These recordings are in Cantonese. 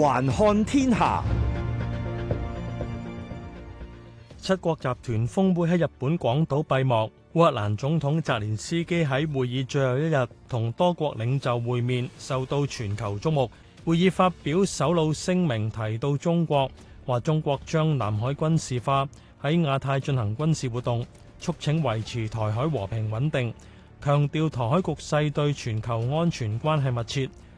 環看天下，七國集團峰會喺日本廣島閉幕。烏克蘭總統澤連斯基喺會議最後一日同多國領袖會面，受到全球矚目。會議發表首腦聲明，提到中國，話中國將南海軍事化，喺亞太進行軍事活動，促請維持台海和平穩定，強調台海局勢對全球安全關係密切。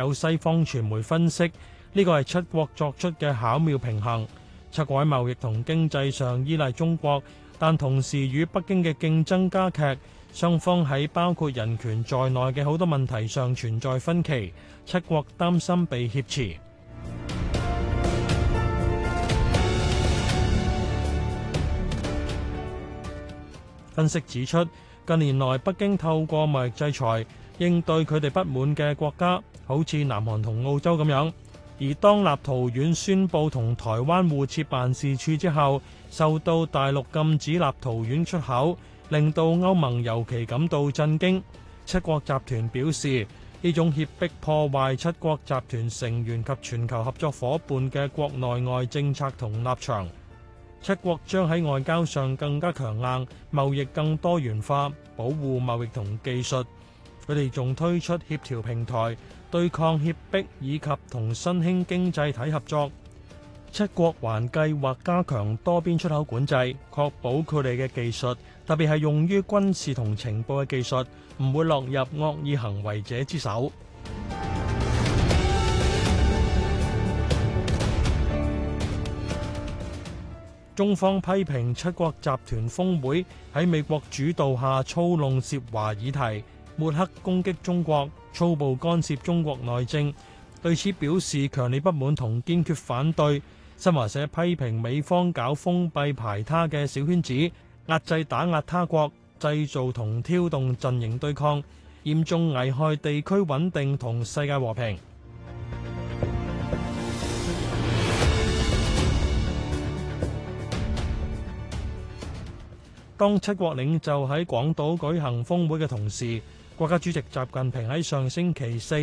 有西方傳媒分析，呢個係七國作出嘅巧妙平衡。七國喺貿易同經濟上依賴中國，但同時與北京嘅競爭加劇，雙方喺包括人權在內嘅好多問題上存在分歧。七國擔心被挾持。分析指出，近年來北京透過貿易制裁應對佢哋不滿嘅國家。好似南韓同澳洲咁樣，而當立陶宛宣布同台灣互設辦事處之後，受到大陸禁止立陶宛出口，令到歐盟尤其感到震驚。七國集團表示，呢種脅迫破壞七國集團成員及全球合作伙伴嘅國內外政策同立場。七國將喺外交上更加強硬，貿易更多元化，保護貿易同技術。佢哋仲推出協調平台。對抗脅迫以及同新興經濟體合作，七國還計劃加強多邊出口管制，確保佢哋嘅技術，特別係用於軍事同情報嘅技術，唔會落入惡意行為者之手。 中方批評七國集團峰會喺美國主導下操弄涉華議題。抹黑攻擊中國、粗暴干涉中國內政，對此表示強烈不滿同堅決反對。新華社批評美方搞封閉排他嘅小圈子，壓制打壓他國，製造同挑動陣營對抗，嚴重危害地區穩定同世界和平。當七國領袖喺廣島舉行峰會嘅同時，國家主席習近平喺上星期四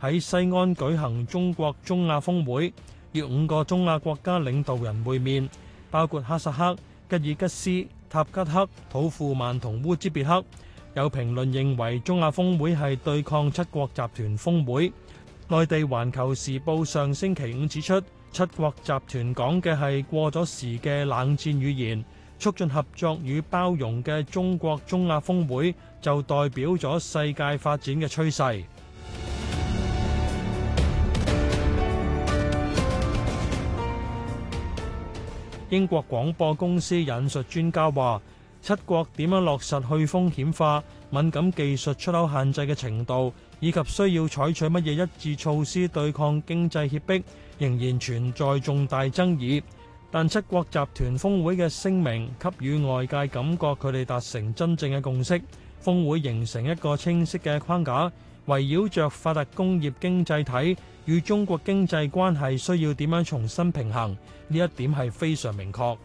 喺西安舉行中國中亞峯會，與五個中亞國家領導人會面，包括哈薩克、吉爾吉斯、塔吉克、土庫曼同烏茲別克。有評論認為中亞峯會係對抗七國集團峯會。內地《環球時報》上星期五指出，七國集團講嘅係過咗時嘅冷戰語言。促進合作與包容嘅中國中亞峰會就代表咗世界發展嘅趨勢。英國廣播公司引述專家話，七國點樣落實去風險化、敏感技術出口限制嘅程度，以及需要採取乜嘢一致措施對抗經濟脅迫，仍然存在重大爭議。但七國集團峰會嘅聲明給予外界感覺，佢哋達成真正嘅共識。峰會形成一個清晰嘅框架，圍繞着發達工業經濟體與中國經濟關係需要點樣重新平衡，呢一點係非常明確。